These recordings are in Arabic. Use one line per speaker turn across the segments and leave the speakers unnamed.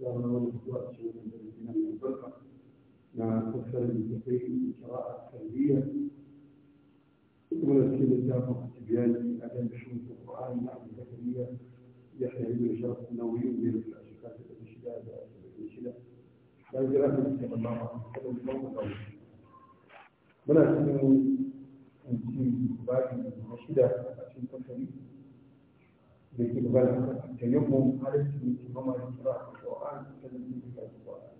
الإسلام والإخوة شيخ الذين من الفرقة مع أكثر المتقين القراءة التربية ومن السيد الدافع التبياني الأدب بشؤون القرآن مع أبو زكريا يحيى بن شرف النووي مدير الأشكال الأنشدة الأنشدة لا يدرك صلى الله عليه وسلم muna cikin yanci bayan shida a cikin kamfani لكن ke magana ta yi mun halittu da kuma ان a ƙwa'an ta da ke da ƙwa'an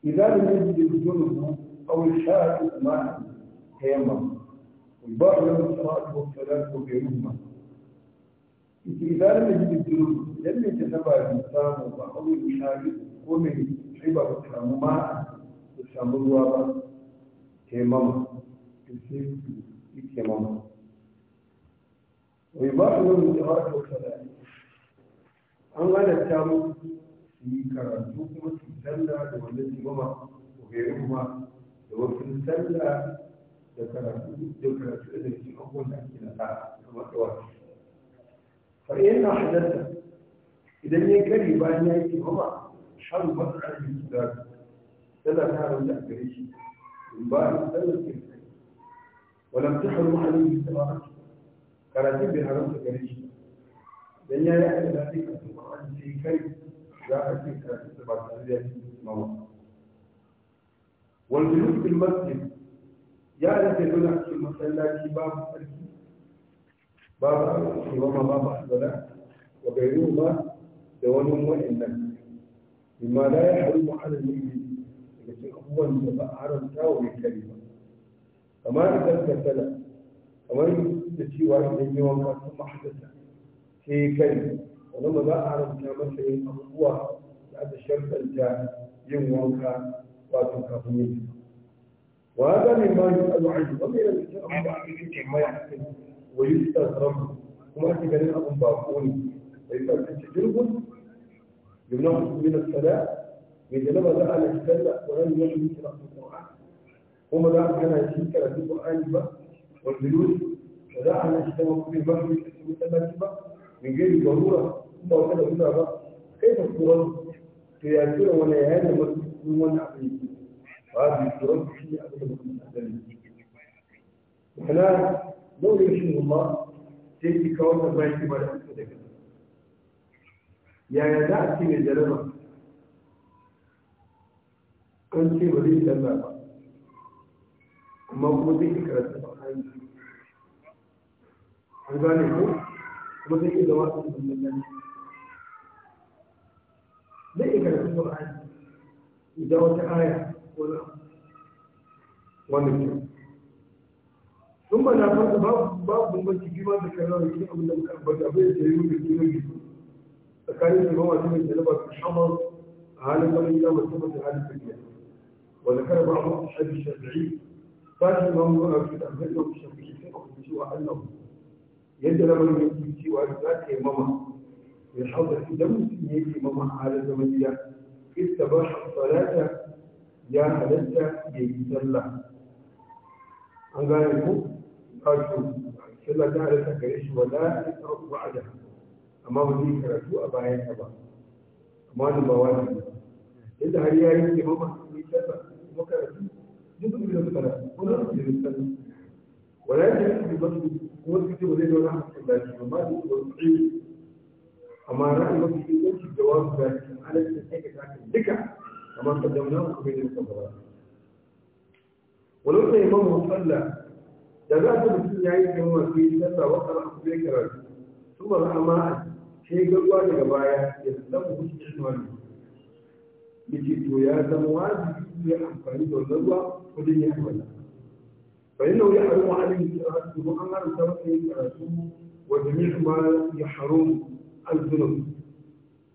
idan da ne da ان aw sha'i ma tayammam والبعض لم الصلاة والصلاة وغيرهما إذا لم يجد الجنوب لم يتتبع الإنسان وأو المشاهد ومن عبر السلام ماء السلام الوابع تيمم تسيب تيمم wai ba a nan da ba ko sada an halatta mu su yi karatu kuma su sallah da wanda su mama ko bai kuma da wasu sallah da karatu da karatu da cikin abubuwan da ake nasa kamar da wasu fa'in na halatta idan ya kari bayan ya yi mama shan ba a yi da sallah ta haramta a gare shi in ba a sallah ke ولم تحرم عليه الصلاه karatu bai haramta gare shi dan ya yi aka dace ka tuba an ce kai za a ce karatu da ba tare da yaki ba wal julus fil masjid ya da ke dole a cikin masallaci babu sarki babu abinci ba ma babu azala wa gairu ba da wani wa'annan bima la ya harimu ala nemi daga cikin abubuwan da ba a haramta wa mai kare ba kamar da ka sala kamar da cewa idan yawan kasu mahadasa sai ya kari wani ba za a haramta masa yin abubuwa da aka sharɗanta yin wanka wato kafin yin وهذا مما يسأل عنه ومن الكتاب ما يحسن ويستغرب وما تبين أبو باقوني ويسأل تجرب يمنعه من الصلاة بجنب ذا أنا أتكلم ولم يجب أن القرآن وما ذا أنا أتكلم في القرآن بقى والبيوت شرع أن يجتمع في المسجد من غير ضرورة ثم وكذا هنا بقى كيف الصورة تيأثر ونيهان المسجد من عقلية وهذه الصورة هي أقل من وحنا لو يشهد الله تيجي كون ما يجب على أسفل يعني ذاتي من كنت بديت لما بقى amma kuma zai yi karatu ba an gane ko kuma zai iya zama ولا cikin ثم لا فرق باب باب من ما ذكرناه في أمر المكبر أبي الجريم بالجنوب فكان الإمام عزيز الجنوب في الحمر على من إلى مرتبة على الدنيا وذكر بعض أصحاب الشافعي فاتما mura su da ganin shafi sai ka kuci wa Allah yadda na mai kuci wa za ka yi mama ya hauda idan mutum ya yi mama a halin zaman gida ista ba shi salata ya halatta ya yi sallah an gane ku wato sallah ta halatta gare shi wala ya tsarku ba da amma ba zai karatu a bayan ta ba amma da ba wani yadda har ya yi mama ya yi sallah kuma karatu Ya zama wajibi ya amfani da wannan ruwa ودي يحمل يعني فإنه يحرم عليه المؤمر سبقه رسوله وجميع ما يحرم الذنوب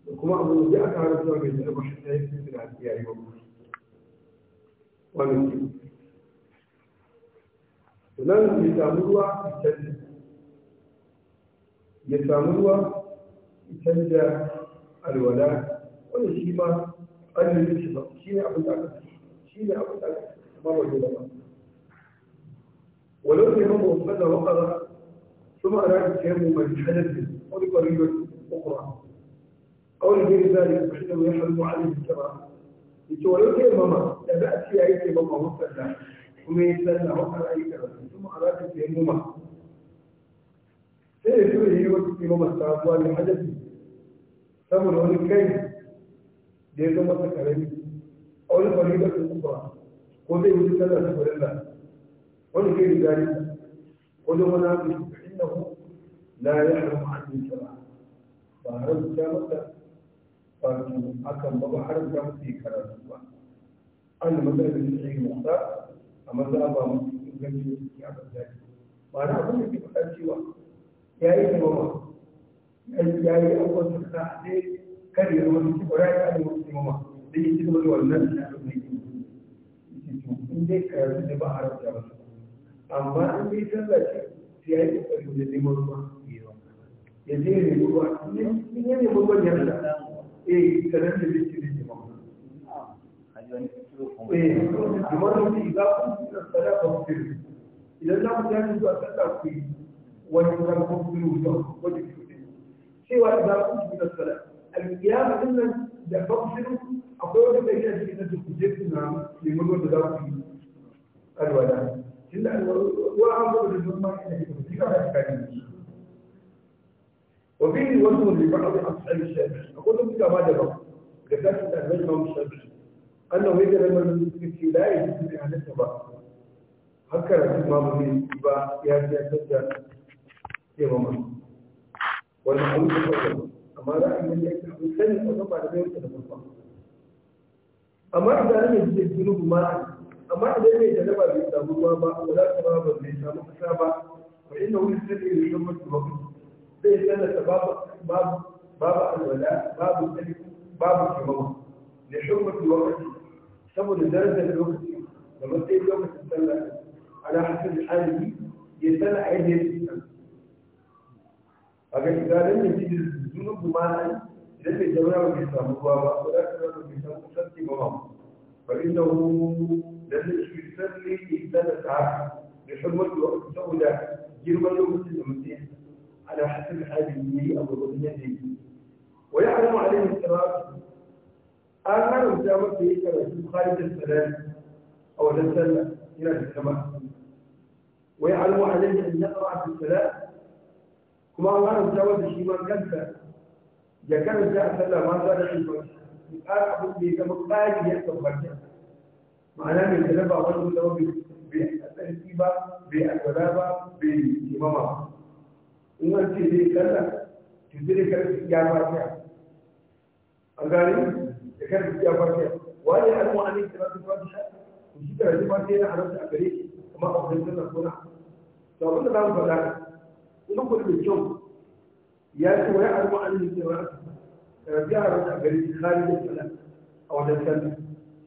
وكما أظن جاء تعالى سورة من جنوب حتى يكتب من عدياء ومن كتاب الله يتنجى كتاب الله يتنجى الولاء ويشيبه قليل الشبه شيء أبو تعالى شيء أبو تعالى مرة جدا ولو أن يوم أفضل وقضى ثم أراد الكلام من حدث أو لقريبة أخرى أو لغير ذلك فإنه يحرم عليه السماء يتولوك يا ماما تبعت في عيد يا ماما وفتا وما يتلنا وقال أي كلام ثم أراد الكلام ما سيكون هي وقت يا ماما استعطوا لحدث ثم أن كان مصر أو لقريبة أخرى ko zai wuce sallah ta farilla wani zai riga ni ko da wani abu innahu la ya'lamu anni sala ba haramta masa wato akan ba ba haramta masa yi karatu ba an da da shi yi masa, a maza ba mu inganci da suke a banzari ba na abin da ke faɗa cewa ya yi imama ya yi abubuwan da ta haɗe kare wani kibura ya yi abubuwan imama da ke cikin wani wannan da ya in dai karatu ne ba a rubuta amma an dai sallah sai ya yi kokari da neman ruwa ya je ne ruwa in ya nemi ruwan ya rasa eh sanar da zai ci zai ruwa eh amma da wuce za ku ci da sallah ba ku firi idan za ku tashi zuwa sallah ku yi wani kuma ku firi wuta wani ku cewa za ku ci da sallah al-qiyamah din da ba ku firi akwai wani da ya shi na ku je ku na neman wanda za ku yi alwala tunda alwala an zo da zuma ina da ku jira da kani wa bi wasu li ba'd ashabi shafi akwai wani da ba da ba da kasu da alwala ma shafi annan wai da lamar da ke da ya yi da halatta ba
haka rafi ma mu ne
ba ya ji ya tsada ya ba mu abu da ba amma ra'ayin da ya ke sanin wannan ba da bai wuce da farko amma idan ne yi da jiru kuma amma idan mai jalaba bai samu ruwa ba ko da ta ba bai samu kasa ba wa wani sani ne don mutu ba zai sanata babu babu babu alwala babu tsari babu kimama da shugabatu wakati saboda darajar lokaci da matsayin lokacin sallah ala hasan alibi ya sana a ya a ga shigarar da jiru ma idan bai zama yawon bai samu ruwa ba ko da kuma bai samu sarki ba ba fa inda hu da zai shi على حسب الحال يجي أبو الدنيا ويعلم عليه الصراط آخر قدامك في كرسي خارج السلام أو السلة إلى السماء ويعلم عليه أن يقرأ في السلام كما الله قدامك شيء ما كنت ya karanta a sallah ma za da shi ba su ƙara abin da ya zama ƙari ya tabbata
ma'ana mai talaba
wani zama bai a tsarki ba bai a tsara ba bai imama ba in an zai sallah to zai karfi ya fatiya A gani ya karfi ya fatiya wani an mu'amin da ba su fatiya to shi karfi fatiya na haramta a gare kuma a wajen sallah ko na abin da za mu faɗa kuma da kyau ya ce wa ya arwa an yi cewa karfi a rasa a gari kari da tsala a wajen sallah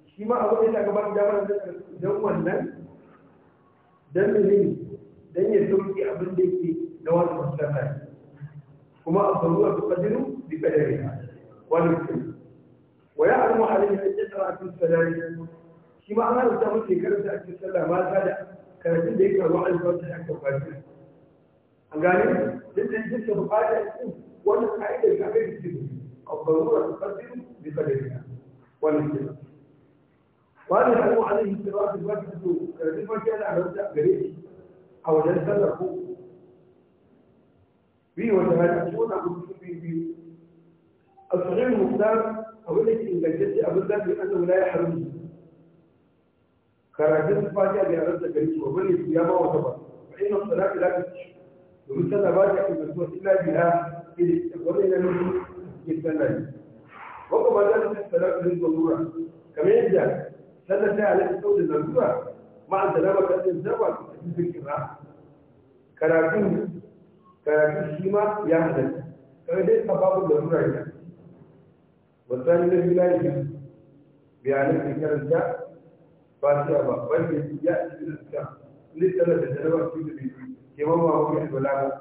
shi ma abin da ya gaba da damar da don wannan don ne don ya sauki abin da yake na wani masarar kuma a faru a tukadiru bi kadari wani mutum wa ya arwa an yi cewa a cikin sallah shi ma an haramta mace karanta a cikin sallah mata da karatun da ya karu an yi wata ya karu an gane لأن الجسم بحاجة يكون وأنا سعيدة يعمل الجسم الضرورة تقدم بقدرها ولا كده وهذا الحكم عليه الصراط الواجب كذلك ما كان على مبدأ جريش أو لا تدركوا بي وتهاجمون عن بي الصغير المختار أقول لك إن الجد أبدا بأنه لا يحرمني كراجل فاجئ بأرض جريش وبني صيامة وتبر فإن الصلاة لا تشفي domin tana ba ta ingantuwa illa biya da wani yana nufin yin sallah ne ba za ta fi sanar da zarura kamar yadda sallah ta halatta sau da zarura ma'a ta ɗin zaba ta tafi zikin ra karatun karatun shi ma ya halatta kamar dai a babu zarura ne wasani na biyu lafiya bayanan da karanta ba su ba wanda ya ci da suka ne sallah da jarabar su da biyu يمر ويحب لعنة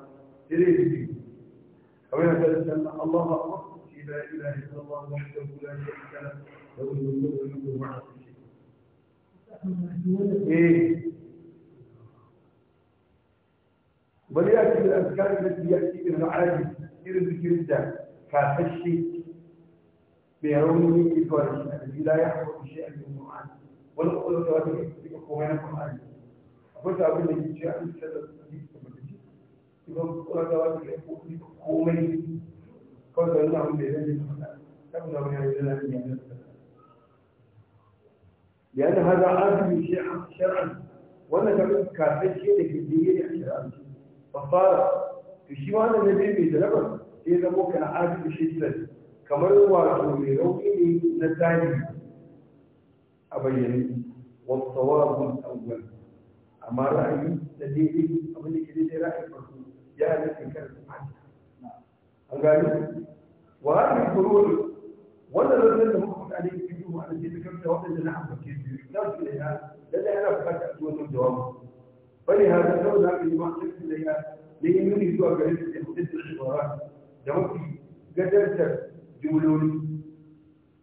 إليه فيه أو ذلك أن الله أكبر لا إله إلا الله وحده لا شريك له له الملك وله ما إيه وليأتي بالأذكار التي يأتي بها العاجز إلى ذكر الله كالحشي بيروني في الفرج الذي لا يحفظ شيئا من القرآن والقول التواتر في القرآن burada böyle bir şey yani sen de bir komedi. Bu orada var bir komedi. Komedi. Burada da bir yere gitmek. Tam da bir yere gitmek. لأن هذا عدل شيء شرعا وأنا كمان كان في شيء في الدين شرعا فصار في شيء وأنا نبي بيدرب إذا مو كان عدل شيء ثلاث كما هو رسول روحي نتاني أبيني والصواب الأول amma ra'ayi da daidai abin da ke daidai ra'ayi farko ya halitta kar su an an gani wa hannun kurori wanda zarzan da muka faɗa ne ke duhu a da ke kamta waɗanda na ambace su na su da ya lallai ana buƙatar a tuwon jawabu bane ha da sau da yi ma sai da ya ne yi nuni zuwa gare su da hudu da shawara da mafi gadartar jumloli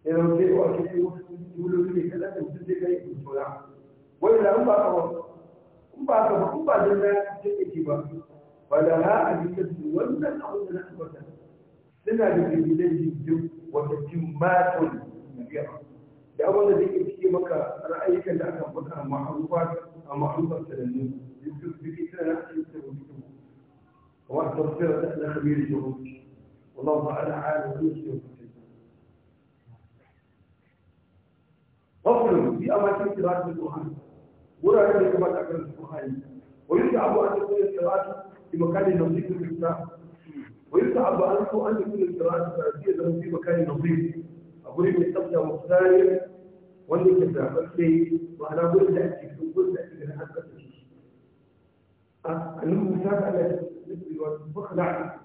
idan sai wa ke yi wasu jumloli ne kaɗan da mutum zai kai mutuwa wani da an ba a wasu in ba ka ba in ba da na take ba wala ha a jikin wannan abin da na tabbata suna da dalilan jirgin wata jimmatun biya da abin da zai cike maka ra'ayikan da aka faɗa a ma'arufa a ma'arufar sanannu jirgin jirgin suna na cikin sarrafa وما تغفر لنا خبير الجنود والله تعالى عالم كل شيء فصل في أماكن قراءة القرآن wuraren da kamar a karanta Qur'ani wani da abu an tafi salatu fi makanin nauyi da kirta wani da abu an so an tafi salatu da zai zama fi makanin nauyi a guri mai tsafta musali wanda ke da farfe ma'ana gurin da ake cikin gurin da ake da an kasa shi a nan musa da Allah ya nufi wa bukhla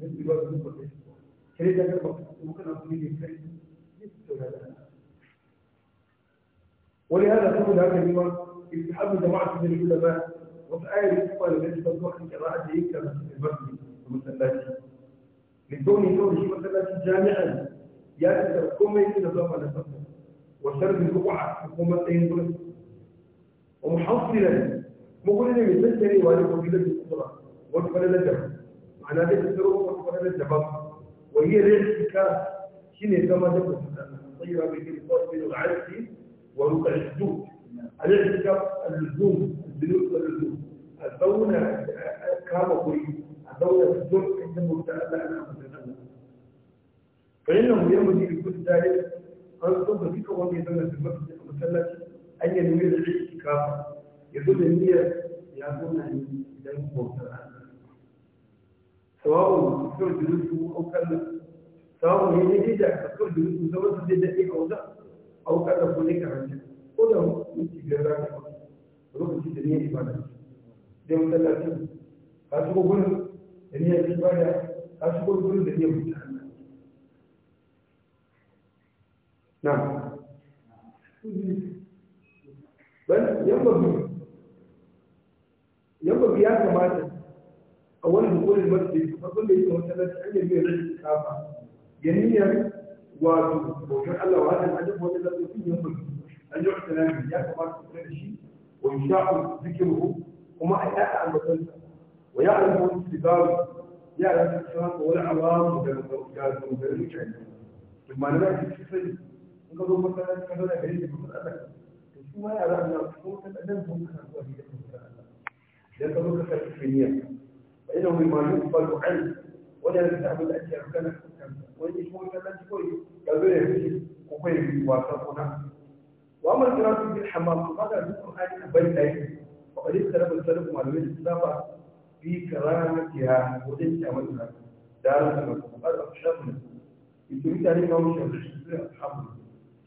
nufi wa bukhla kare da karba kuma kana guri ne kai ولهذا كل هذا اليوم اتحاد جماعة من العلماء وفي آية الأخرى التي تطرح القراءة هي كما في المسجد ومسلاتي لكون كونه مسلاتي جامعا يأتي الحكومة يتنظم على فصل وسرد الرقعة حكومة تنظر ومحصلا مقولنا يتسري والد قبيلة الأخرى وفرد الجبل معنى ذلك السرور وفرد الجبل وهي الاعتكاف شنو كما ذكر طيب بن الفضل بين العزي ورقع السوق الاعتكاف اللزوم البيوت واللزوم الدولة كابوري الدولة الزرق عند المبتدأ الأمر فإنه ينبغي لكل ذلك أن تنظر فيك وأن دونة في المسجد المثلث أن ينوي الاعتكاف يدل النية يكون أن يدل مبتدأ سواء كثر جلوسه أو كلا سواء هي نتيجة كثر جلوسه زوجة تزيد أو لا أو كان هناك عندك ko da minti biyar za ka yi lokaci da niyyar ibada dai masallaci ka shigo gurin da niyyar ibada ka shigo gurin da niyyar mutu na ban yamma biyu yamma biyu ya kamata a wannan gurin masjid farkon da yake masallaci an yi biyar rashin kafa ya niyyar wato bautar Allah wa ta ajiyar wata lafiya yamma biyu أن يعتنى به يا كما تفرده ويشاء ذكره وما أتاك عن مثلسة ويعلم استداره يعلم الإسلام والعوام وكذلك عنده ثم أنا بأتي في فيه نقضوا مثلا كذلك غريب من الأبد ثم أنا أعلم أن كان الأدب هم كان هو هي لأنه كفى الكفينية فإنه مما يقبل عنه ولا يستعمل الأشياء كان وإن اسمه كان كويس كبير وكويس وكويس وكويس واما الجراد في الحمام فماذا منكم ان بين ايدي وقد اختلف السلف معلومين السلافه في كرامتها وجد عملها دار المسلم قد اخشاكم تاريخ نوم يكون شيخ الحمد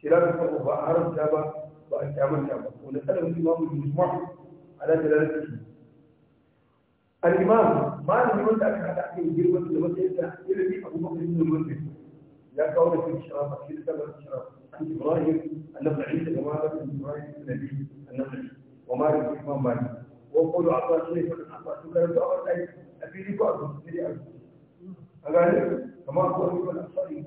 خلاف الفقه وعرف جابه وان كامل كامل ونساله الامام المجمع على دلالته الامام ما لم يكن ذاك هذا في جرمه لمسجد الا ابو بكر بن المنذر لا قول في الشرافه في الشرافه عن إبراهيم النخعي جماعة إبراهيم النبي النخعي ومالك الإمام مالك وقول عطاء شيخ عطاء شكرا لأول أي أبيني بعض أبيني أبيني أقال كما قول من الأنصاري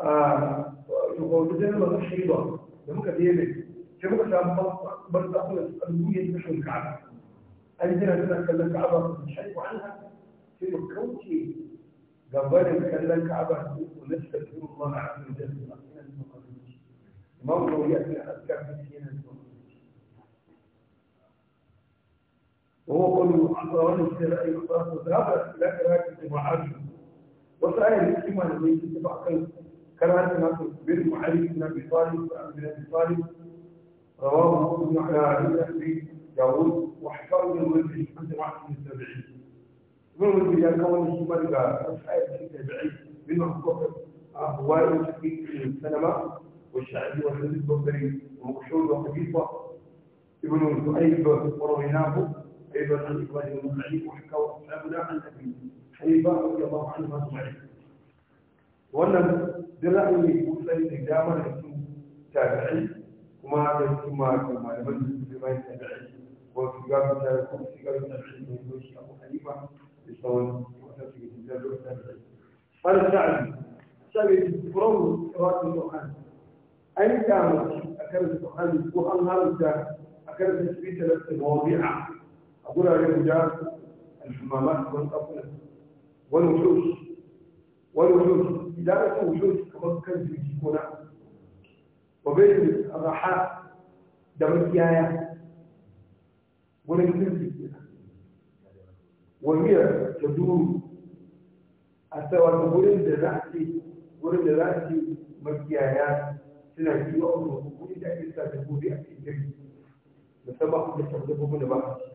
آه، يقول لنا ما غش شيطان ده ممكن يبقى شوفوا كده عم برضه اقول القانونيه مش الكعبه قال أن انا اتكلمت عبر مش عارف عنها في الكوتشي gabarin kallon ka'aba su ku lissa su أن abin da su a cikin tsohon imam rawi a cikin askar da ke nan tsohon وهو قول أطول السراء يقصد ذهب إلى قراءة الجماعات وسأل الإمام الذي يتبع كلمة كرهتنا بن معلي بن ابي طالب بن ابي طالب رواه مسلم على عائله ابي داوود واحفظه من عند واحد من السبعين من يجي يكون شو بلغ الحياة بعيد من الخطر هواي وشكيك السينما والشعبي والحديث البصري ومكشور وخليفة
ابن سعيد
ورويناه أيضا عن إبراهيم بن سعيد وحكوا أصحابنا عن أبي حنيفة رضي الله عنه أجمعين. wannan dalilin kusan da dama da su tabi'i kuma da su ma da malaman da su bayan tabi'i wasu ga su tabi'i kuma su ga su tabi'i ne قال السعدي السعدي فروم قراءة القرآن أي كامل أكلت القرآن وأن هذا أكلت في ثلاث مواضيع أقول عليه جاء الحمامات والأطفال والوشوش والوشوش إدارة الوشوش وحوش كما كان في الكونة وبين الرحاء دمكيايا ولكن تنسي وهي تدور a sai wani wurin da za a ce wurin da za a ce makiyaya suna kiwo a wani wurin da ake sa dabbobi a cikin gari musamman a cikin dabbobin da ba a ci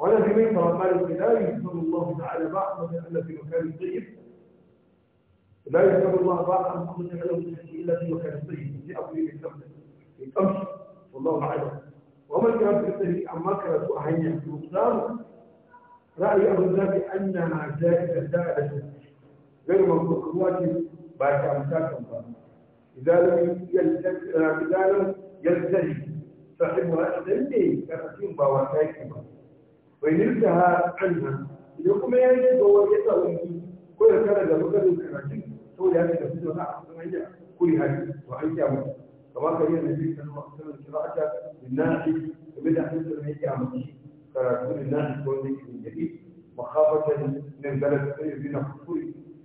ولا في بيت رمال الكلاب يذكر الله تعالى بعضا من أن في مكان طيب لا يذكر الله بعضا من أن له إلا في مكان طيب في أقليم الكمل في الأمس والله أعلم وما كان في الطريق أما كانت أهيا مقدار رأي أبو الذات أنها زائدة زائدة غير واجب بعد أمساكم إذا لم يلتزم لم يلتزم صاحبها عندي كفتين بواكاكما وإن انتهى عنها يقوم يجب ويتأوي كل كان ذا مقدم كراجين هو يعني تفسير الله عز كل هذه وعن كما كان النبي صلى الله عليه وسلم قراءة للناس وبدأ حديث المهدي عمله كرسول الله كونك من جديد مخافة من بلد الذين خطوه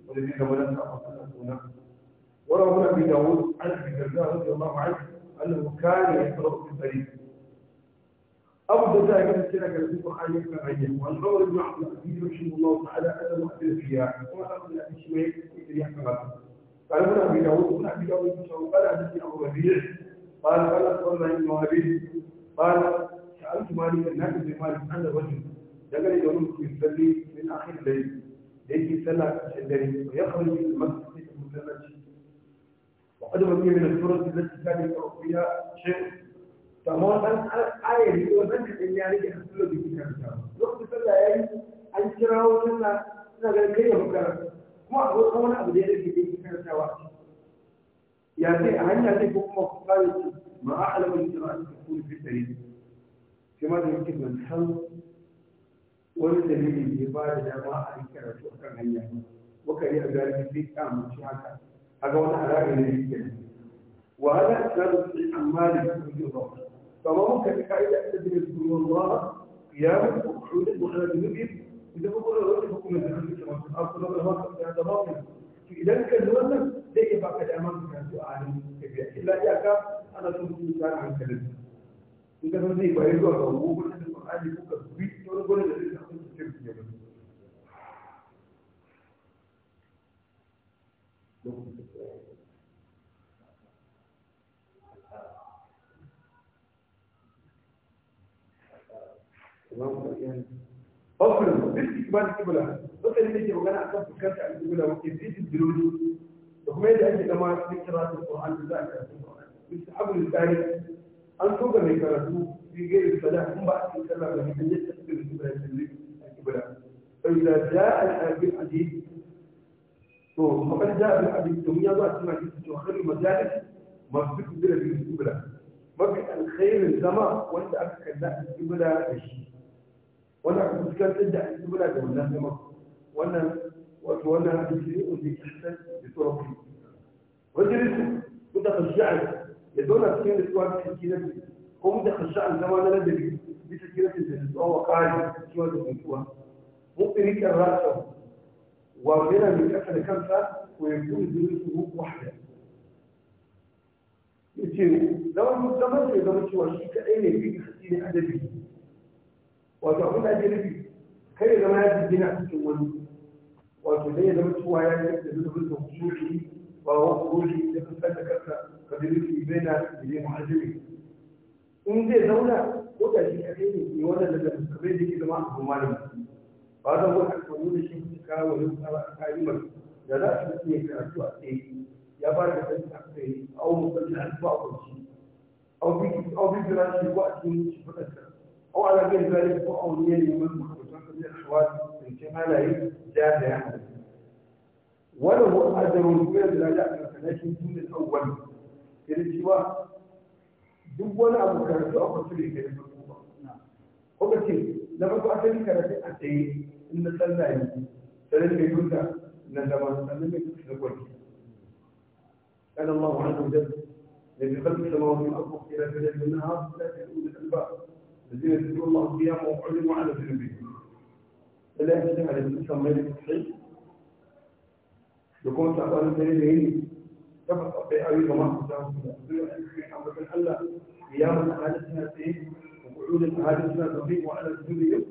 والذين ولم تأخذون وروى هنا أبي داود عن أبي الدرداء رضي الله عنه أنه كان يقرأ في البريد أبو الدرداء كان سيرة كان في القرآن يحمى عينه وأن عمر بن عبد العزيز رحمه الله تعالى أنا مؤثر فيها وما أخذ أقول لأبي شميل يحكم يحمى قال هنا أبي داود هنا أبي داود قال حدثني أبو ربيع قال قال صلى الله أبي وسلم قال سألت مالي الناس بن مالك عن الرجل دخل يقول يصلي من آخر الليل يجي صلى الليل ويخرج من المسجد المسلمين وقد بقي من الفرص التي كان يقرأ فيها شيء فما أن أي هو أنت إني أريد أن في بكتاب الله وقت صلى يعني أن تراه صلى أنا غير كيف كان ما هو wasu wani abu أن ya في yin karantawa ya ce a hanya ne ko kuma ku kare su ma a alamar sai ma da yake ban san wani dalilin da ya ba da dama a yi karatu a kan hanya muka yi a gari sai ta amince haka a ga wani alaƙa ne yake da wa ala tsaro sai amma da su yi ba kama muka yi ka'ida ta da su ruwan ba قيام وقعود وعلى جنوبهم إذا بقول الله حكم الزمن كما في الأرض لما الهواء هذا باطل فإذا كان الوزن لا يبقى الأمام كان سؤالي كبير إلا جاءك أنا كنت مسؤول عن كلمة in ka san zai bayar zuwa ga wogon da Qur'ani ko ka bi wani gurin da zai san su cikin ya bari أصلاً بالاستقبال القبلة أصلاً اللي وكان أصلاً فكرت عن القبلة وكيف إيش الدلول وكما يدعي لما ذكرى القرآن بذلك القرآن يستحب للتاريخ أنتم so ga mai karatu fi gairin sala in ba a cikin sallah ba ne kan yadda suka rubuta da sirri a جاء بالحديث وقد جاء بالحديث ثم يضع كما خير المجالس ما فيك بلا ما في الخير الزمان وانت أكد لا القبلة الشيء وانا أكد كان تدع القبلة دولا زمان وانا وانا أجري أحسن بطرقي وجلس كنت قد الدولار كان سواد في كده هو مدخل شقه ده وانا لازم دي تشكيله تنزل هو قاعد سواد في كده ممكن يكرر راسه وغيرا من كفل كم ساعه ويكون دي سوق واحده يتم لو المستمر في ضمن شوارع كأي نبي خسين أدبي وتعود أدبي كي لما يجد بناء تكون وتدين لما تكون عيالك تدين بلد خصوصي وهو خروجي لفتة كثرة ka bi rufi bai da biye muhajiri in zai zauna ko da shi kaɗai ne ke wannan da kamar da ke zama abu malami ba zan wani alfanu da shi kuka wani kalimar da za a shi karatu a tsaye ya ba da kan a tsaye a wani mutum da alfa a kwanci au bi kira shi ko a cikin shi faɗarsa au ala gan zari ko a wani yanayi mai makamantan kamar hawari tsinken halaye ja da ya halaye wani hu ajarun kuma da lafiya a kan kanashin tunin awwali kirjiwa duk wani abu karatu a kwasu da ke da kuma kuma ce na farko asali karatu a tsaye in na sallah yanzu sannan mai duka na zama sannan mai duka na kwanci قال الله عز وجل الذي خلق السماوات والارض واختلاف الليل والنهار لا يؤذي الالباب الذين يذكرون الله قياما وقعودا وعلى جنوبهم فلا يجب على الانسان ما يستحي يكون تعبان من الليل dafa tsaffai a yi gama su da su da su Allah ya mutu halittar tsaye da kudurin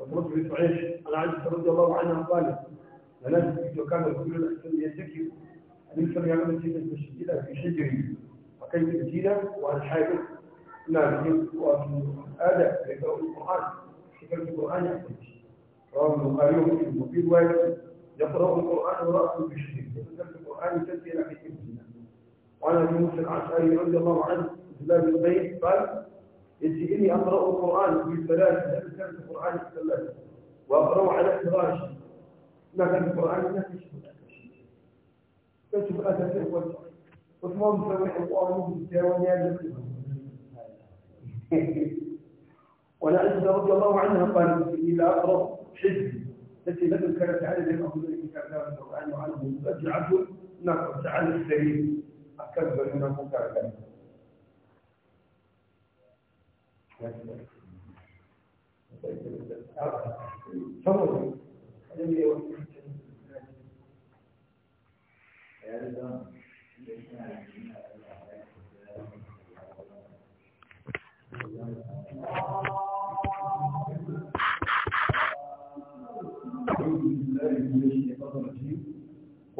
وترد بنت عيش على عجل رضي الله عنه قال لنجد وكان رسول الله صلى الله عليه وسلم يذكر يعمل شيئا مشكلة في شجري وكيف تجينا وعلى حاجة لا نجد وفي الآداء في القرآن في القرآن يحتاج رواه البخاري ومسلم وفي يقرأ القرآن ورأسه بشديد يتكلم القرآن يسلسل إلى حيث وعن أبي موسى العشعري رضي الله عنه في باب البيت قال إني أقرأ القرآن في الثلاثة لم كان القرآن في الثلاثة وأقرأ على فراشي ما كان القرآن لا تشبه تشبه أثر الوجه وثمان مسوي القرآن بالتاوان يا ولا أنت رضي الله عنها قال إني لا أقرأ حزبي التي لم نعم، كان تعالى لما أخذ لك كعبان القرآن وعنه أجعله نقر تعالى السليم أكبر منه كعبان تفضل يعني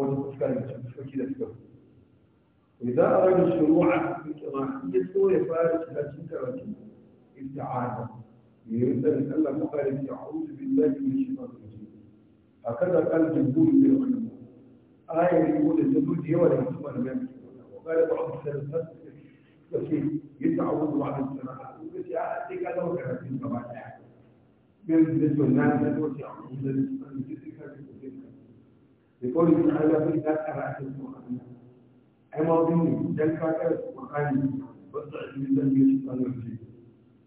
وتفكر وإذا أراد الشروع في قراءته يفارق تلك الرجل استعاذة يسأل الله مقال يعود بالله من الشيطان الرجيم هكذا قال جمهور من العلماء آية يقول الزبود هي ولا يسمى لم وقال بعض السلفات يصير يتعود بعض السماء وقلت يا أعطيك هذا وكذا في من بالنسبة للناس يقول يعوذ بالله من الشيطان الرجيم لقوله تعالى في قرأت القرآن أي موضوع ذلك القرآن واضع من ذنب الشيطان الرجيم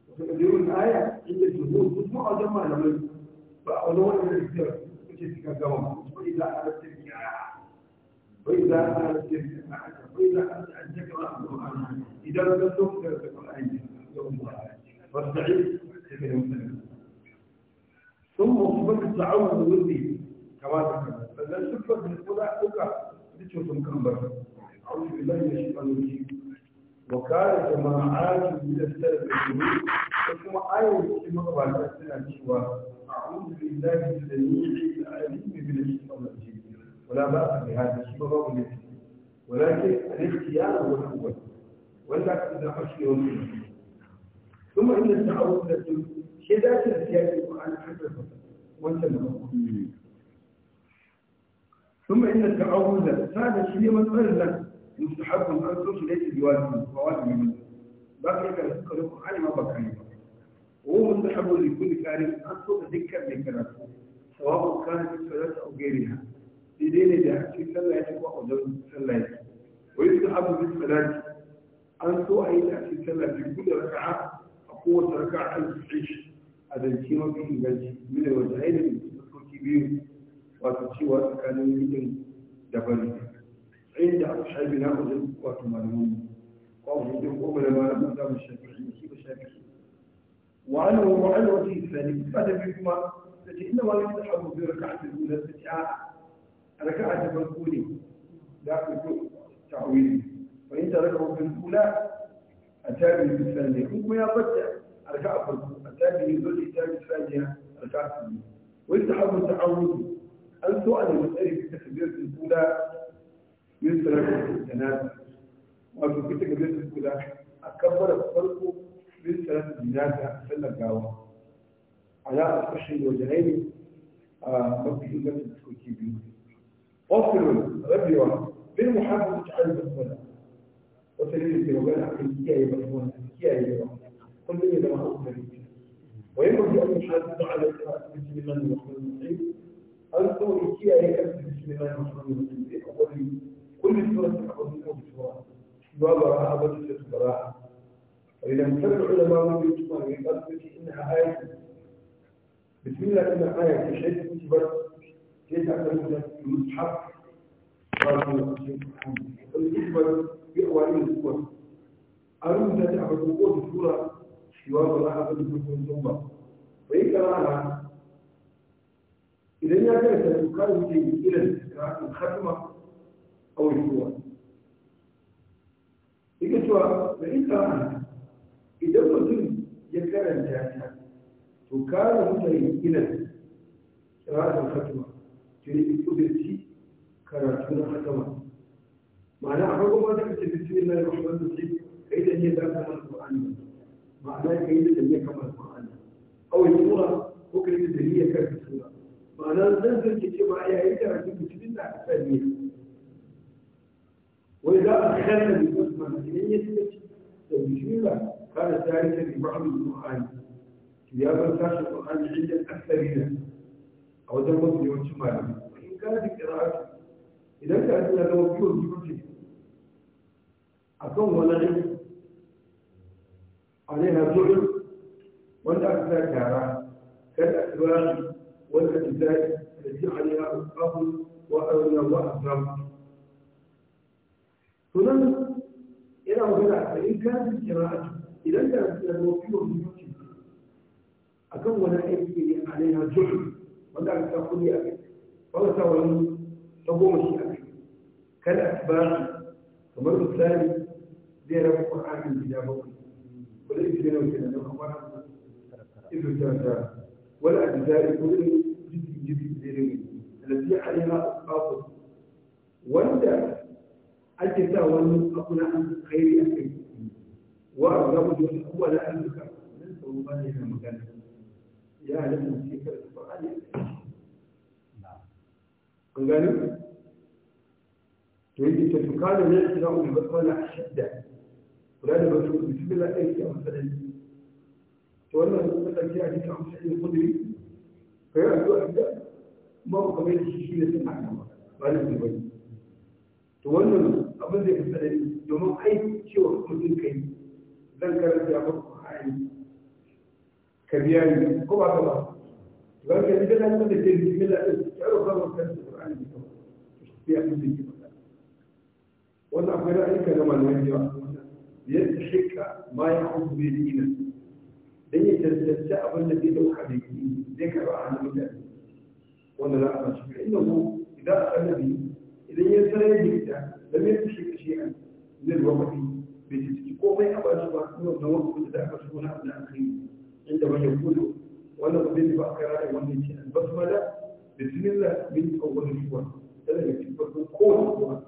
وتقدير الآية عند الجمهور تسمع أجمع لمن فأولون من الكتاب وشتك الجواب وإذا أردت القراءة
وإذا
أردت القراءة وإذا أردت أن تقرأ القرآن إذا لم تقرأ القرآن يوم واستعيذ ثم صفة التعاون والذي كما ذكرنا فلن من السلف الجنوب وكما آية في مقبل سنة شوى أعوذ بالله السميع العليم من الشيطان الرجيم ولا بأس بهذا الشيء ولا ولكن الاختيار هو الأول ولا إذا حشي ثم إن التعود لكم شدات الكاتب عن حسب وانت ثم إن التعوذ هذا الشيء مثلا مستحب أن تنصر ليس بواجب واجب باقي كان يذكر القرآن ما بقى عليه وهو مستحب لكل كارم أن تتذكر ذكرته سواء كانت الصلاة أو غيرها في بدين ذلك صلى يتبع وزوج صلى ويستحب في الصلاة أن تؤيد في صلى في كل ركعة أقوى ركعة أن تعيش هذا الشيء ما فيه من الوجهين المستحب كبير wato cewa tsakanin yin da bari inda abu قوم يدركوا من المال مقدام الشافعي يسيب الشافعي وأنا وعن وجه الثاني هذا فيكما التي إنما يتحرم في ركعة الأولى استدعاء ركعة الأولى لا يكون تعويل فإن تركعوا في الأولى أتابع في الثانية هم يبدع ركعة الأولى أتابع يدل ركعة الأولى ويتحرم التعويل أن تؤمن بالتالي في التكبيرة الأولى من صلاة الجنازة وفي التكبيرة الأولى أكبر الخلق من صلاة الجنازة في الجاوة على أصح الوجهين في لك التكوكي بيوم في ربي واحد بين في تعالى بسمنا وسليم في عقلية يا بسمنا في يا بسمنا كل يوم ما في وينبغي أن يحافظ على قراءة من المخلوقين an إيكي أيكا kiyaye kansu da shi ne na musulmi da hakuri kullum sura ta hakuri ko sura ba ba ra'a فإذا امتلك العلماء من يتمنى من أثبت إنها آية بسم الله إنها آية في شيء كتبت تسعة من المصحف الكتبت يقوى إلى الكون أرمز تعبد القوة بسورة يواضع لها أبدا في الزنبة فإن كان لها idan ya karanta su kawai wuce yi irin ra'ayin khatma a wujuwa yake cewa da in idan mutum ya karanta ta to kare mutane irin ra'ayin khatma to ya yi kudurci karatu na khatma ma'ana a farko ma zai ce bismillahir rahmanir ka yi da ne za ka kamar qur'ani ma'ana kai da ne kamar qur'ani awai sura ko kai da ne ya karanta sura ba nan zan zance cewa ya yi karatu mutumin da aka sani
wai za a
kalla da musamman idan ya ci da bishira kana tarihi da ba'd al-qur'an ya ban bar sashi qur'an inda aksarina a wajen wasu yawancin malami in kana da qira'atu idan ka ji da wani biyu biyu ce akan wani ne alaiha zuwa wanda aka sa tara kada a tsira والأجزاء التي عليها الأصل وأولى وأبرم هنا إلى هنا فإن كانت القراءة إذا كانت الموكل والموكل أكون أيدي عليها جحر وذلك تأخذ أبي ومثلا تقوم شيء أبي كالأسباب كمر الثاني زي القرآن من كتابه وليس بينه وبين لو ابن والأجزاء كل جزء جزء جزء التي عليها أسقاط وأنت أجزاء والمسقطنا أن غير أكل وأرغب هو لا أملك من صوبانها مكانا يا لم المسيح القرآن نعم. قال قالوا تريد تفكار الاعتراف بالقول أشد ولا بسم الله أيش مثلا Wannan wannan suka ce a cikin amsa ne kudiri ka yi addu'a da ba ku kamar da shi shi ne sun haka ba na zuba to wannan abin zai fi tsanani domin ai cewa mutum kai zan karanta ya muku hali ka biya ni ko ba ka ba ba ka yi gana kuma da ke ɗin ya roƙa wa kansa ƙur'ani da kawai sai abin da ke faɗa wannan akwai ra'ayi ka gama na yawa yadda shekka ma ya hau bai da inan don ya cancanci abin da zai dauka da yi zai karba a hannun mutane wanda za a ba shi inda mu idan a sannabi idan ya sanar da ita da mai kashe kashe a zai ruwa mafi bai ci ciki komai a ba shi ba kuma da wani kuma da aka suna abin da aka yi inda ban ya kudu wannan ba zai ba a kai ra'ayi wannan ce an basu mada da tunin da min tsawon ruwa tana da cikin farkon kowane ruwa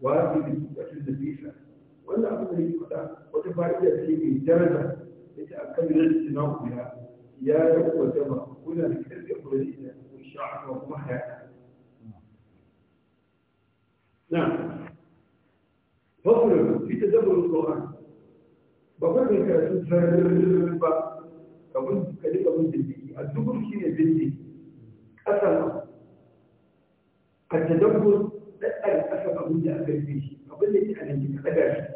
wa fi da cikin da bisa wannan abin da ya yi faɗa wata fa'ida ce mai daraja يتأكد الاجتماع بها يا رب وتمام كنا نكتب قريبا والشعب ومحيا نعم فصل في تدبر القرآن بقول لك ba kabin ka duka bin dindiki a dubur shi ne dindiki asala a tadabbur daɗar ƙasa abin da aka yi shi abin da ke a nan ka ɗaga shi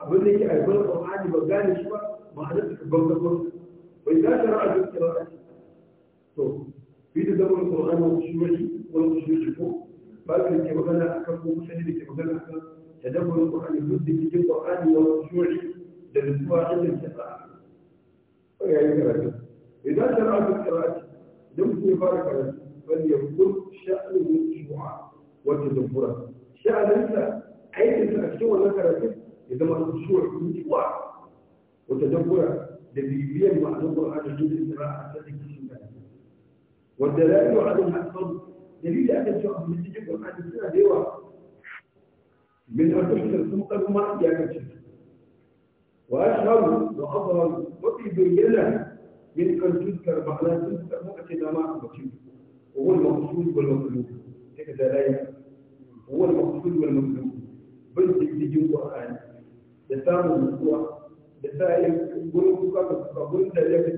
abin da ke a yi wani ƙwarhani ba gane shi ba معناتك بوضع وإذا شرع في القراءة تو في تدبر القرآن والخشوع والخشوع فوق فأكل كما قال أحكم مشاهد كما قال أحكم تدبر القرآن يمد في القرآن والخشوع للإسواء عند القراءة ويعني كذلك إذا شرع في القراءة لم يبارك عليه فليكن شأنه الشفعاء وتدبره شأن أنت عيد الأكشوع لك رجل إذا ما الخشوع من جواه وتدبع لبيبيا وعلى القرآن الجزء السنة والدلائل على الأقل دليل أن الشخص من يجب القرآن السنة ديوا من أرتشت السلطة يا يكتشف وأشهر وأظهر وفي بينه من أن تذكر معنى تذكر مؤكد ما أبكيه هو المقصود والمطلوب هيك دلائل هو المقصود والمطلوب بل تجيب القرآن يسامح النصوح da sa yi gurin kuka ga kuka gurin da ya fi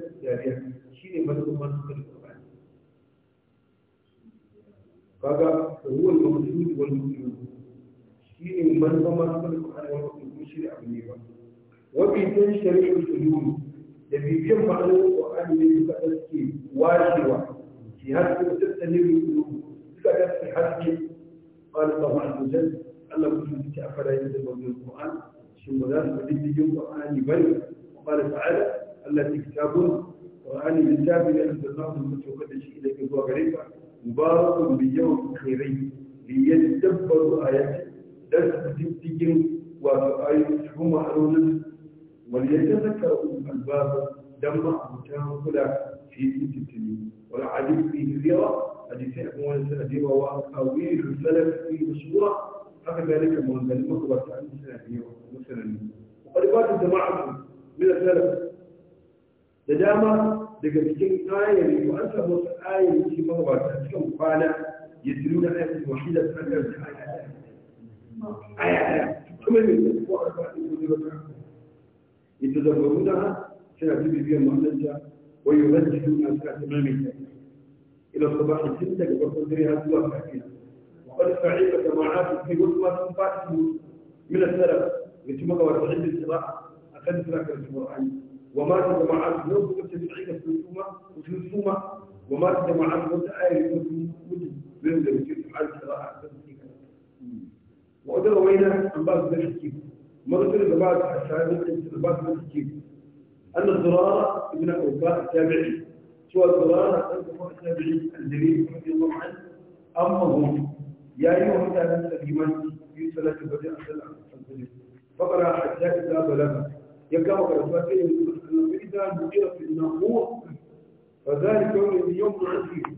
shi ne kurani kaga da ruwan da wasu yi wani shi ne manufan masu kan kurani wani mutum shi ne abu ne ba da bibiyan ma'anar ne da suke washewa شو مدان فبدي يوم قرآني بل وقال تعالى التي كتاب قرآني بالتابع أنزلناه المتوكد شيء إليك هو غريبة مبارك بيوم خيري ليتدبروا آياته درس بدي وآياته هم أرونس وليتذكر الباب دمع متاه كلا في التتنين والعديد فيه الرياض حديث أبوان سأدير وأقاويل الفلك في مشروع أخذ ذلك من ذلك مطبعة المسلمين وقد قالت الجماعة من الثلاثة لجامة لقبتين آية وأنت أبوص آية في مطبعة المسلمين قال يدلون آية الوحيدة فأنت آية آية آية كمان آية آية. من ذلك يتدبرونها سنة بيبيا مهندسة ويمجدون أسكات المميزة إلى الصباح السنة قبل قدرها سوى فأكيدها وقد فعل جماعات في وسط فاتح من السلف يتم قوة عند القراءة أخذ ذلك القرآن ومات جماعات نوم متبعين الخصومة وخصومة ومات جماعات متآية وجود من في على القراءة وإذا روينا عن بعض الحكيم مرة بعض الشهادة بعض الحكيم أن الضرارة ابن أوفاء التابعي سوى الضرارة أن التابعي الجليل رضي الله عنه أما هو يا أيها الناس الإيمان في صلاة بدء الأمر فقرأ حتى إذا بلغ يكما قرأت فإذا نقر في النقور فذلك يوم اليوم عزيز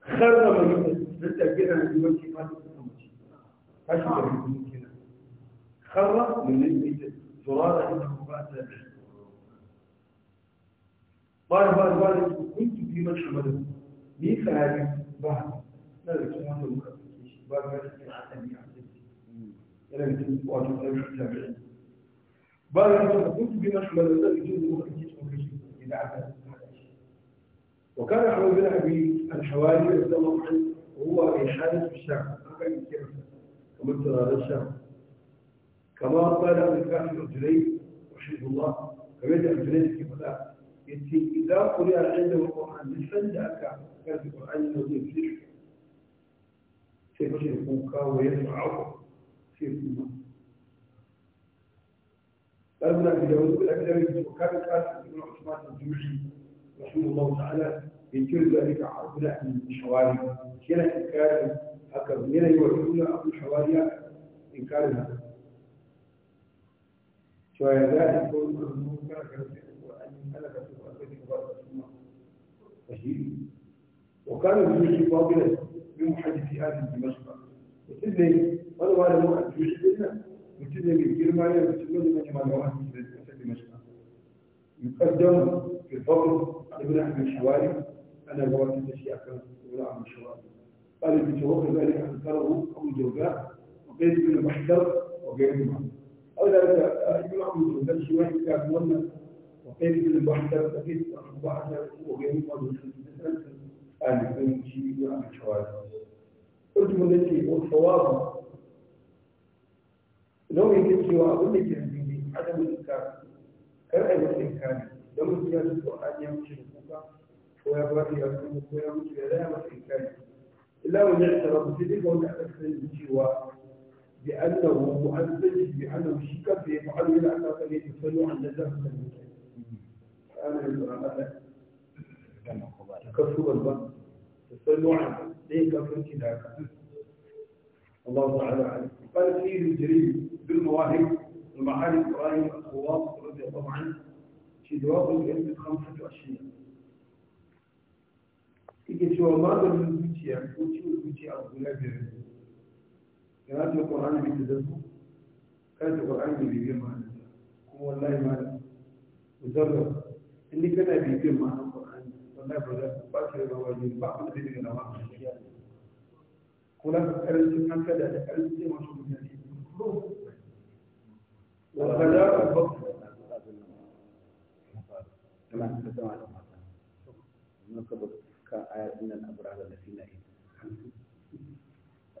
خر ميتا حتى كده عن المسجد ما تتمشي أشعر بالممكن خر من الميت قال بعد ذلك كنت في من حمده لي فهذه بعد na وكان حمد بن أبي الحوالي رضي الله عنه كما ترى الشام كما قال أبو الكافي الجليل رحمه الله كما يدعى الجليل كيف لا إذا قرئ عنده القرآن بالفن ذاك كان القرآن في فيه sai mashi da kuka wa ya sa'aku sai kuma ɗalibin abu da wasu ɗalibin da yake kaɗin ƙasa ibn usman da juji rahimahullahu ta'ala in kiri zalika a abuna a shawari yana inkarin haka yana yi wa suna abu shawariya inkarin haka cewa ya za a yi kawai ma'amu kana karfe wa'ani ana karfe wa'ani ba su ma fahimi وكان ابن فاضلا بمحدث آدم دمشق وتدري ولو هذا مو أدوش لنا وتدري بالجرمانية وتدري من يمان وهم دمشق يقدم في الفضل ابن أحمد الشوالي أنا بوقت الشيء كان ابن أحمد الشوالي قال بتوقف ذلك عن طلبه أو الجوزاء وقيل بن محضر وغيرهما أو ذلك ابن أحمد الجوزاء شوالي كان مولى وقيل بن محضر وقيل بن محضر وغيرهما الإنجيل والجواب قلت من الذي هو الصواب لو يجب سوى أقول لك عدم الإنكار كان أي الإنكار لو يجب القرآن يمشي الحقوق ويا باري يكون ويا مجري لا يمس الإنكار إلا من اعترف بذلك ونعرف الجواب بأنه مؤثر بأنه شك في فعل إلى أن يتسلوا عن نزاهة المكان. أنا أقول لك كسوة البنك واللعن ليه كفرت ذاك الله تعالى عنه قال فيه الجريم بالمواهب ومعاني القرآن والأخوات رضي الله عنه في دواقل العلم خمسة وعشرين yake cewa maganin zuciya ko ciwon zuciya a guda biyar yana ce ƙwararri mai tazarku kan ta ƙwararri mai bibiyar ma'anarsa kuma wallahi ma da zarra in ni kana bibiyar ma'anarsa my brother, back to the world, back to the living in our هناك أرسل من كذا أرسل ما شو من كذا والغلاء البطل تمام تمام نكبر كآية إن الأبرار لفي نعيم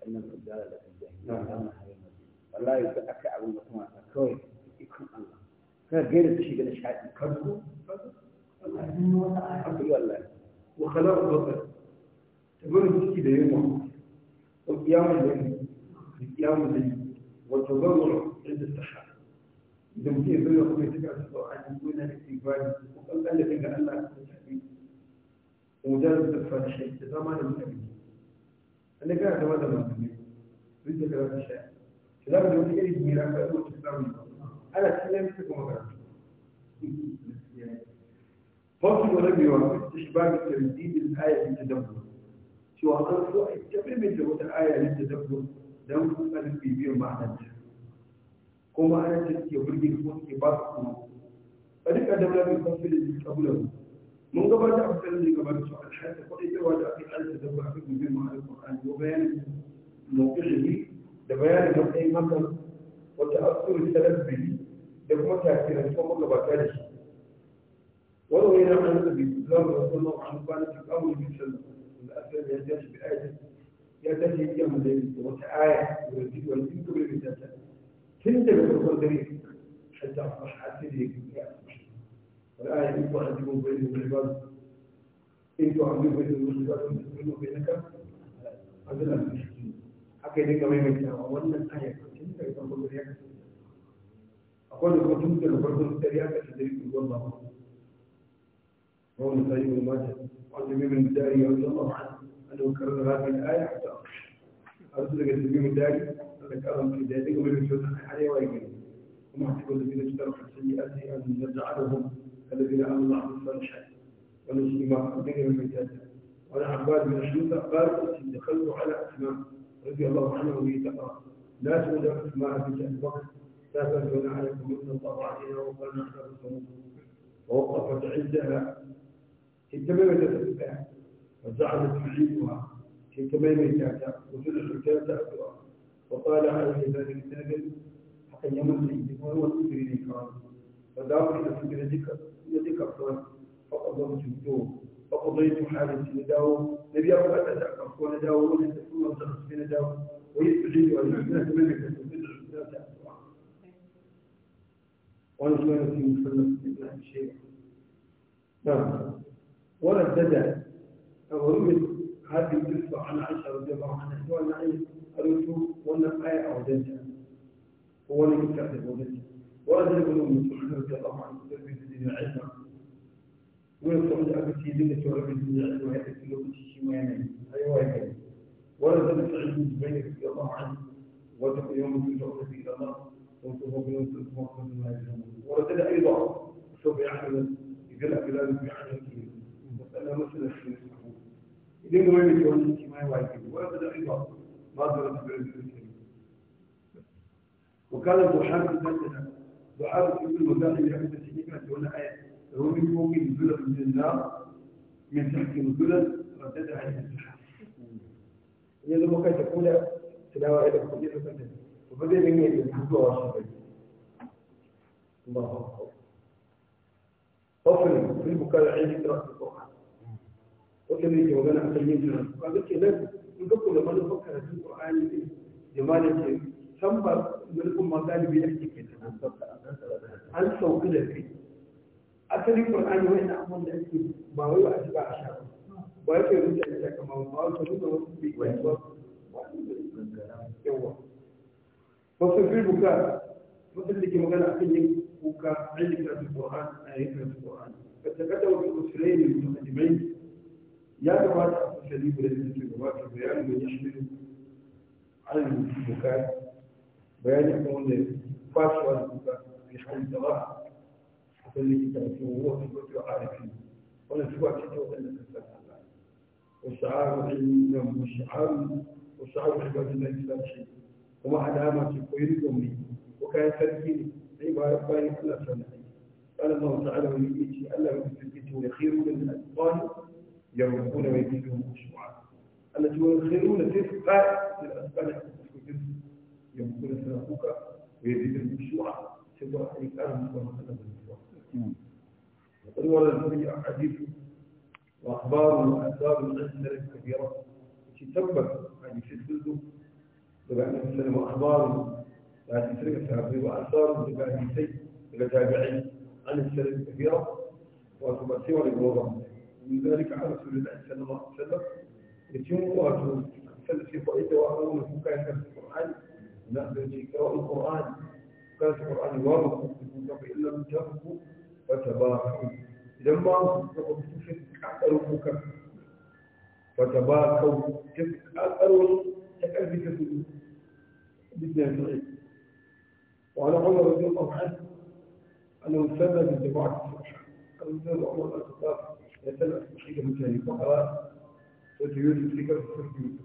إن الرجال لفي جهنم نعم والله يبقى أكعب المطمئن كوي يكون الله غير الشيء اللي شاهد كذبه وخلق البصر تقول بكي ده يوم وقيام الليل قيام الليل والتضرع عند الصحة إذا ممكن يقول لك ما تبع القرآن يقول لك استقبال وقال قال لك إن الله أكبر تحبيب ومجرد تدفع الشيء إذا ما لم تبي أنا قاعد هذا ما تبي ريت كلام الشيء كلام يقول لك إيه ميراث أنا أتكلم فيكم فصل ربيع في استشباب تمديد الآية للتدبر سوى أنصوا أن تمام جهود الآية للتدبر لو أن بيبيع معنى كما أنا تلقي برجي الفوت كبار فلك أدب لا يقفل الأولى من قبل أفضل اللي قبل سؤال حتى قلت ولا أخي على التدبر في بيبيع معنى القرآن وبيان موقعه لبيان مبنى مثل وتأثر السلف به لكم تأثير أنتم مقبل ذلك وروينا عن النبي صلى الله عليه وسلم عن الامر بالسلم والاسلم يحتاج بايه يحتاج الى من وكآية والجد والجد بالمثال تنتبه بالقدرين حتى اصبح عسيري والآية إن تعذبوا بينهم العباد إن تعذبوا بينهم العباد وتسلموا بينك هذا لا يشكي حكى لك ما يمكن أولا الآية تنتبه بالقدرين أقول لكم تنتبه بالقدرين تدريك الله وهو مسلم المجد قال تميم الداري رضي الله عنه أنه كرر هذه الآية حتى أخشى أرسل لك تميم الداري قال لك أرم في ذلك ومن يتوسع الحياة ويجري وما احتكوا الذين اجترحوا السيئات أن نجعلهم الذين آمنوا وعملوا الصالحات ونسي ما قدمنا من ميتات وعلى عباد بن الشمسة قال دخلت على أسماء رضي الله عنه وهي تقرأ لا تولى أسماء بنت الوقت بكر تابت عليكم من الله عليها وقال نحن ووقفت عندها انت ما متتبع فزعمت معيبها انت ما متتبع وجل حجاز وقال عليه ذلك النبي حقيما سيدي وهو سبيل كان فدعوا الى سبيل ذكر يدك افضل فقضى جهده فقضيت حالتي نداو نبي أبو بكر تعرف ونداو ومن ثم تخص في نداو ويستجيب والمحنة منك تفيد الحسنات وأنا سمعت في مسلمة ابن أبي شيبة نعم وردد أو رمت هذه القصة عن عائشة رضي الله عنها هو نعيم أرسو ولا آية أو دنجة هو اللي يتعذب ودنجة ورد ابن أم سعود رضي الله عنه تربية الدين العلم ويصعد أبي سيدي سيدنا تربية الدين العلم وهي في لغة الشمالي أي هكذا ورد ابن سعيد بن جبير رضي الله عنه وتقي يوم الجمعة إلى الله وانتم بنوت الفوق من الله ورد أيضا سبع عمل يقلع بلاده في عمل sannan wasu da su su idan ga mai da wani shi mai wani ne wani وكان الضحاك مثلا ضحاك في المزاح اللي عند الشيكة دون آية هو من فوق من النار من تحت نزولا ردد عليه السحاب إذا لم كان تقول تلاوة إلى الخدير مثلا وبدأ من يحب واشرب الله أكبر طفل في البكاء العيد ترى القرآن Wata ne ke magana a kan yin jira ba ga kenan in ga kula manufar karatun qur'ani ne jama'a ke san ba mulkin ma galibi da ake kenan an sauka da kai asali qur'ani wani abun da ake ba wai ba a ci ba a sha ba ba ya ke rubuta ita kamar ba wata nuna wasu bai wani ba yawa wasu fi buka mutum da ke magana a kan yin kuka a yi karatun qur'ani a yi karatun qur'ani فتكتبوا في الأسرين المتقدمين ya kamata a fasa libra da ke gabata bayanin da ya shirin ainihin buka bayanin kuma wanda kwashewa da buka ya hali da ba a kan likita da kuma wata wata a arifi wanda su ba ce ta waɗanda ka san Allah wasu arafin da mushi'aru wasu arafin da na isa ce kuma alama ce ko yi rigon mai ko kayan sarki ne sai ba bayan Allah sana'a قال الله تعالى ويؤتي ألا يؤتي الفتن خير من الأسقال يركون ويزيدهم خشوعا التي يدخلون تسعة من الأسباب يمكن سلامك ويزيد الخشوع سوى الآن ومثلا بالخشوع وقد ورد في أحاديث وأخبار وأسباب الغسل الكبيرة التي تبت هذه في السلسلة تبع النبي صلى الله عليه وسلم وأخبار لا تسرق التابعي وأثار تبع السيد التابعي عن السلسلة الكبيرة وتبع سوى الجواب ولذلك على رسول الله صلى الله عليه وسلم يتم واجب ثلاث فائدة وأمرنا فوق يحفظ القرآن في قراءة القرآن كان القرآن واضح إلا من تبكوا فتباكوا إذا ما تفك أكثر فوق فتباكوا فتباركوا أكثر تكلف تفك بإذن الله وعلى عمر رضي الله عنه أنه سلم الجماعة قال أنزل عمر الخطاب يتبع تشكيك مجاني فقرأ فتيوت تلك الفتيوت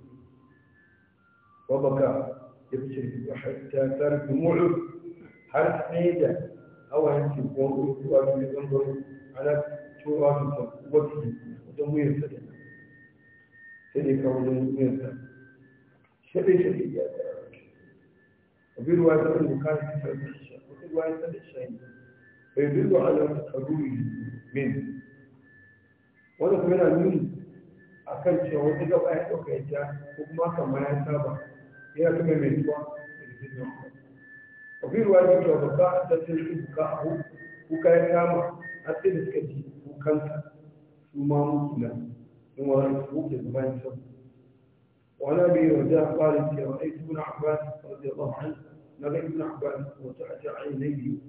وبكى يبتسم حتى كانت دموعه حالة سيدة أو هنسي وقوات ينظر على شوات وجهه ودمير سيدة سيدة ودمير سيدة شبه شبه يا وفي رواية كان في رواية الشهيد فيدل على تقربه منه wanda kuma yana nuni a kan cewa wata gaba ya ɗauka ya ja ko kuma kan ma ya saba ya tuna mai tuwa da jirgin nan ba fi ruwa ne cewa babba a tattalin shi buka a kuka ya kama a tsaye da suka ji kukanka su ma muku nan in wani su ke zama ya san wani bai yi wajen akwari cewa ai tuna akwari a wajen akwari na ga ibn akwari wata ajiyar ainihin biyu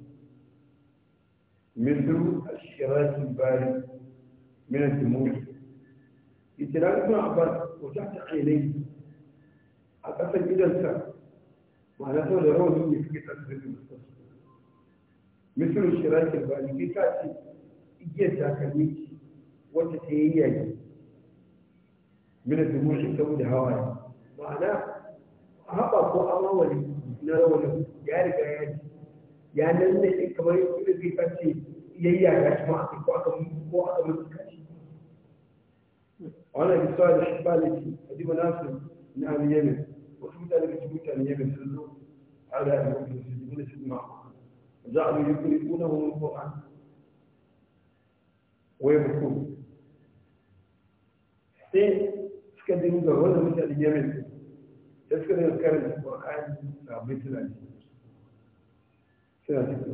mildu a shirashin bayan من الجمهور اتلال ابن عباس وجعت عينيه أتفل إلى الساعة وأنا أقول روح مني في كتاب المستشفى مثل البالي في تأتي إجيال تاكلميك وتتهيئي من الدموع السود هواي معناه هبط أولي نرونه يعرف يعني يعني أن كمان يقول في فتي يجي على جماعة وأكم وأكم وانا قلت له الحبال دي دي مناسب من اهل اليمن وكنت انا قلت له اليمن سلو على اهل اليمن سلو من سلو معه جعلوا يقلبونه من القران ويبكون حسين سكدين دهونه من اهل اليمن سكدين الكرم القران ربيت لنا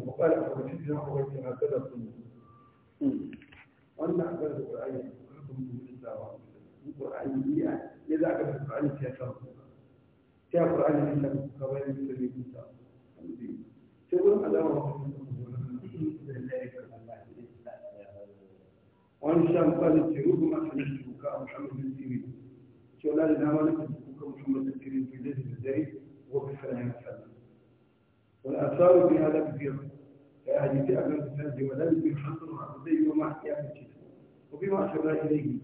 وقال أبو الفتنة هو كما كتب في النبي. وأن أحبابه الآية كلهم من الزواج. القرآن بيئة إذا أقرأ القرآن فيها شرط فيها القرآن في الله تقول هذا هو وأن الشام قال التيروب ما سمعت بكاء محمد بن سيرين شو لا لنا نعم، ما بكاء محمد بن سيرين في ليلة الزيت وقف الفلاحين الفلاحين والآثار في هذا كثيرة فأهل في أبناء الفلاحين ولا يمكن حصر عبدي وما احتياج وبما أشار إليه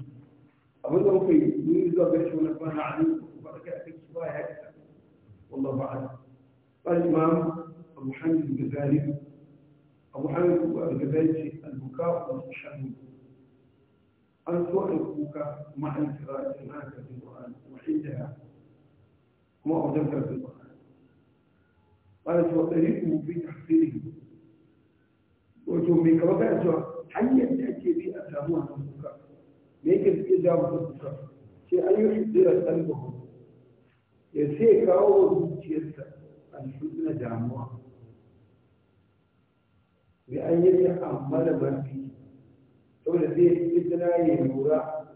abin da muka yi mun yi zuwa gaishe wani kwana a nan ba da kai a قال الإمام أبو حامد الجزائري أبو حامد الجزائري البكاء والتشهد أن سؤال البكاء مع انقراء هناك في القرآن وعندها ما أوجبها في القرآن قالت وطريقه في تحصيله وجميك وقالت حيا تأتي بي أساموها البكاء me yake suke ja mutum suka ce an yi hudura ɗalbahu ya sai kawo wa zuciyarsa alhudu na damuwa bi an yi ta da mafi saboda zai yi tana ya lura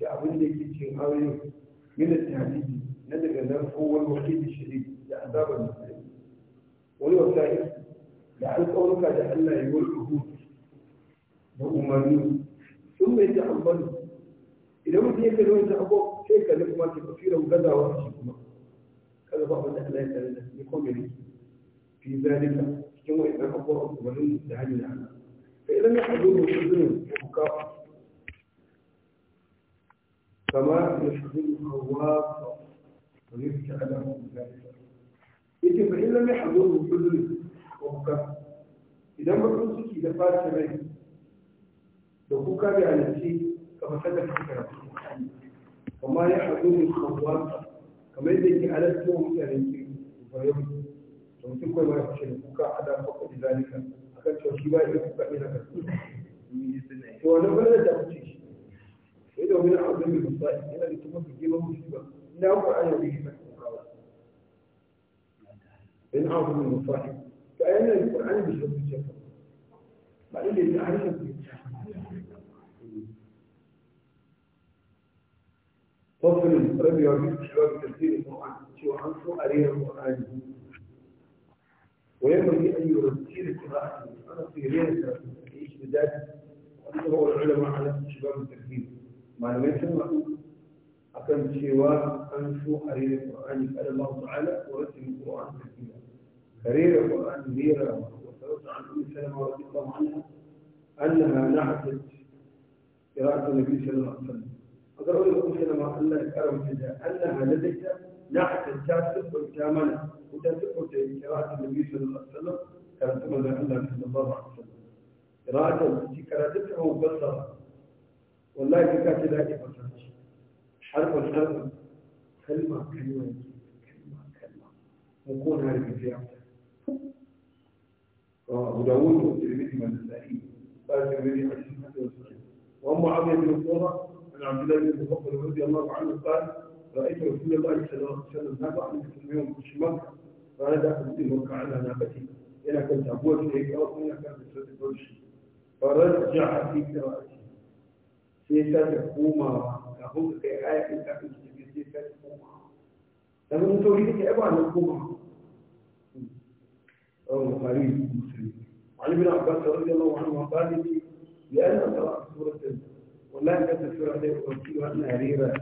da abin da ke cin aure mina tarihi na daga nan kowar wakil shiri da azabar musulmi wani wasa'i da alƙawarka da allah ya yi wani da umarni sun mai ta'ammalu idan mutum ya kalli wancan abu sai kalli kuma ke basiran gazawa a shi kuma kaga ba wanda Allah ya tsare da ni ko mai fi zalika cikin wa'annan abubuwa umarnin da hanyar Allah fa idan ya hado da sunan kuka kama yashhadu khawaf wa yata'alamu zalika yace fa idan ya hado da sunan kuka idan mutum suke da fata rai to ku ka ga alci kamar sadda kuka karatu amma ya hadu min khawwat kamar yadda yake alatti wa mutanen ki ba yau to mutum kai ma ce kuka ada ko da zalika akan cewa shi ba ya kuka ina ka to wannan bala da kuce shi sai da wani abu da mai sai yana da kuma kike ba mu ba ina ku ayo da kike kuka in abu min musahib to ayyana alquran bi shirki ce ba ile da harshen ku طفل ربي يعجبه شباب تفسير القرآن شو عنه أريه القرآن وينبغي أن يرتيل قراءة أنا في رياضة تعيش بذات وأنت هو العلماء على شباب التفسير ما لم يسمعوا أكن شواب أنفو أريه القرآن قال الله تعالى ورتل القرآن كثيرا أريه القرآن ليرة وثلاثة عن أم سلمة رضي الله عنها أنها نعتت قراءة النبي صلى الله عليه وسلم أقرأ لكم كلمة الله الأرم كذا أنها لديك نعتت تاسف وتامنة وتاسف قراءة النبي صلى الله عليه وسلم كانت من الله صلى الله عليه وسلم قراءة التي كانتها مبصرة والله كانت لا تفصلش حرف حرف كلمة كلمة كلمة كلمة وكون هذه في عمتها وأبو داود والترمذي من وأما عبد بن قرة عن عبد الله بن مفضل رضي الله عنه قال رأيت رسول الله صلى الله عليه وسلم هذا عن يوم في الشمال فأنا داخل في وقع على نابتي إذا كنت أبوة هيك أو إذا كنت سيد كل شيء فرجع في قراءته سيسات حكومة كهم في آية إذا كنت سيسات حكومة لما أنتوا هيك أبعد الحكومة أو مخاريج المسلمين علي بن عباس رضي الله عنه قال لي لأن قراءة سورة ولا كانت السورة دي أرسلها أنها ريبة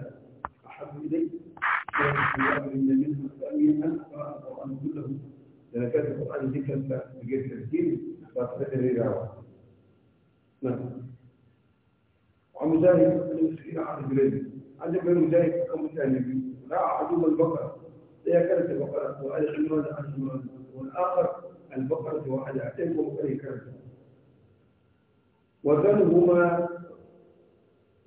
أحب إلي من منها فأمين أن أقرأ القرآن كله لأن كان القرآن ذكر فجيت تسجيل فأخذت ريبة نعم وعن مجاهد بن سعيد عن جبريل عن جبريل مجاهد حكم متهلبي راعى عدو البقرة هي كانت البقرة وآل عمران عن عمران والآخر البقرة وعلى أتيت ومقري كرسة وزنهما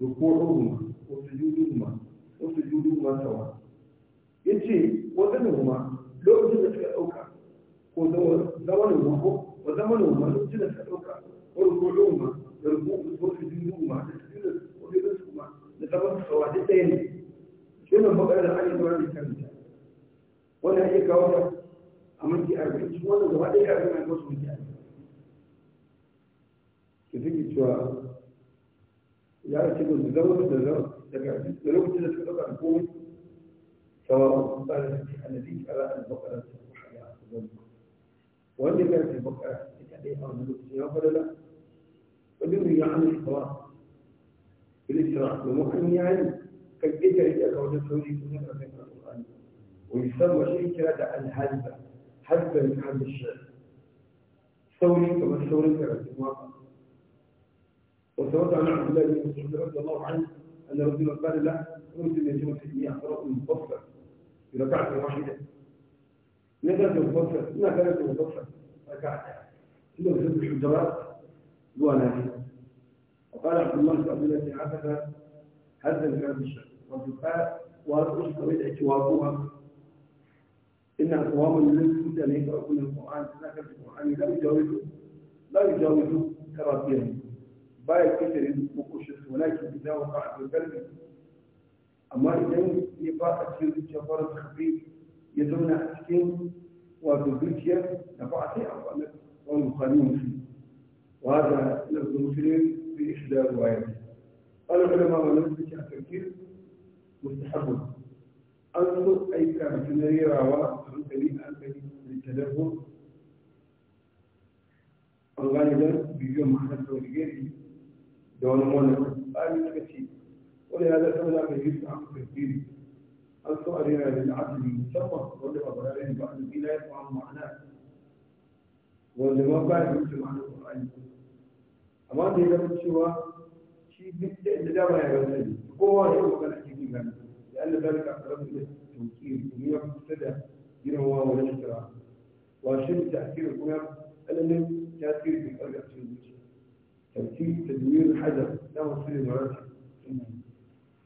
ركوعهما وسجودهما وسجودهما سواء يجي وذنهما لو جنت كأوكا وزمنهما وذنهما لو جنت كأوكا وركوعهما وسجودهما وسجودهما لتبقى سواء تتين شنو بقى العين وعلى كرسة ولا هيك a minti arba'in shi wannan gaba ɗaya arba'in a wasu minti arba'in da take cewa ya ce da zama da zama daga da lokacin da suka ɗauka komai سواء قالت الذي قرا البقره وحياء ذنب واللي قرا البقره عليها ملوك سياف ولا لا ودون يعني القراء بالاسراء ومحن يعني كجيت رجال وجدت وجهك من القران ويسمى شيء كذا الهلبه حتى من هذا الشعر ثوري كما ثوري كانت المواقع وثبت عن عبد الله بن مسعود رضي الله عنه ان رسول قال له قلت ان يجب الحكمية اعتراف المفصل في ركعة واحدة نزلت المفصل ما كانت المفصل ركعتها ثم نزلت الحجرات وانا وقال عبد الله بن عبد الله بن عبد هذا كان بالشعر وفي القاء وارقص طريقة واقوها فإن أقوام المسلمين أن يقرأوا يقرؤون القرآن سنة القرآن لا يجاوزوا لا يجاوزوا ترابيهم باية كثير مقوشة ولكن إذا وقع في القلب أما إذا يبقى أكثر أسير جبارة خفيف أكثر وفي وبالبيتيا نفع في أفعال والمخالفين فيه وهذا لفظ مسلم في إحدى الروايات قال العلماء ولم يستطيع التفكير مستحب an so a yi karatu na rerawa a hankali a hankali da tadabbo an gane don bidiyon ma'anar da wani da wani wannan tsari suka ce wani ya zai saboda mai yi su an tafsiri an so a rera da asali musamman wanda ba barare ba a zina ya samu ma'ana wanda ma ba ya wuce ma'anar ƙwarari amma da ya zama cewa shi duk da dama ya rasa ne kowa ya yi magana cikin gani لأن ذلك أقرب إلى التوكيل ومن مبتدأ بين هو والاختراع وأشد تأثير الأمم ألم تأثير في بالأرجع في الوجه ترتيب تدوير حدث لا مصير لمراتب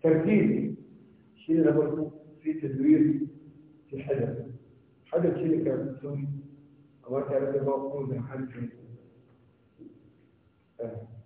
ترتيب شيء نبرته في تدوير في حدث حدث شيء كان مسوي أمريكا على دباب قوة حدث آه.